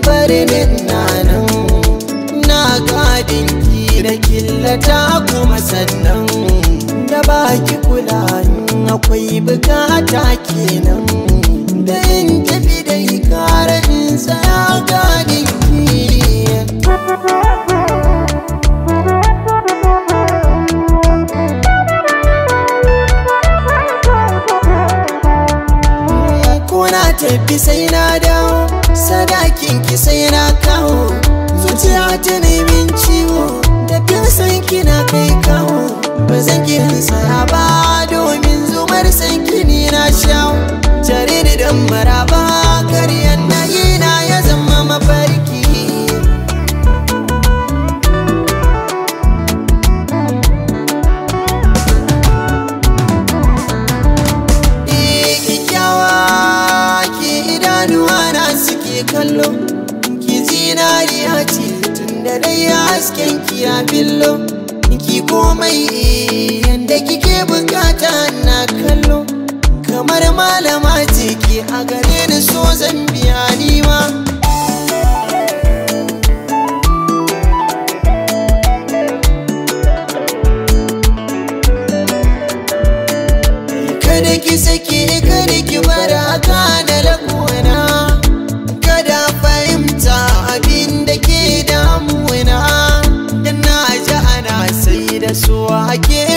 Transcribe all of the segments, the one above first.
bar nan na gadin ki da killata kuma sannan da baki kula akwai bukata kenan tafi sai na dawo sadakin ki sai na kawo zuciya ta nemin ciwo da san kina kai kawo ba zan ki ba domin zumar sanki. fillo ki zinariya ce tun da dai hasken ki ya fillo ki komai yanda kike bukata na kallo kamar malama ce a gare ni so zan biya ni ma kada ki sake kada ki bara kana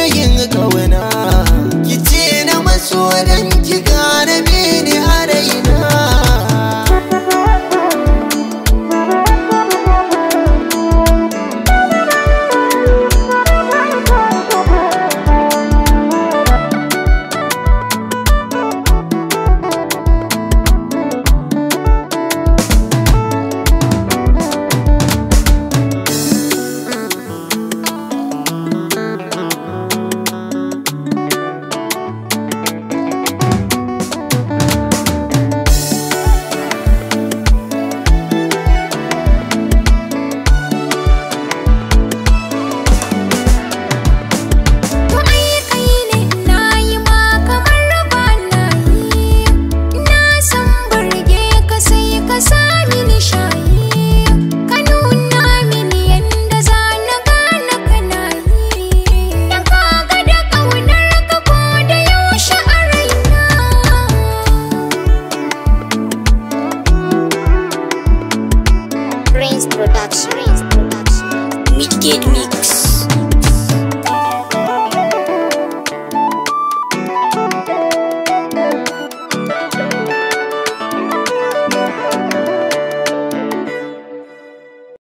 yin kauna ki ce na masoranki Wicked Mix.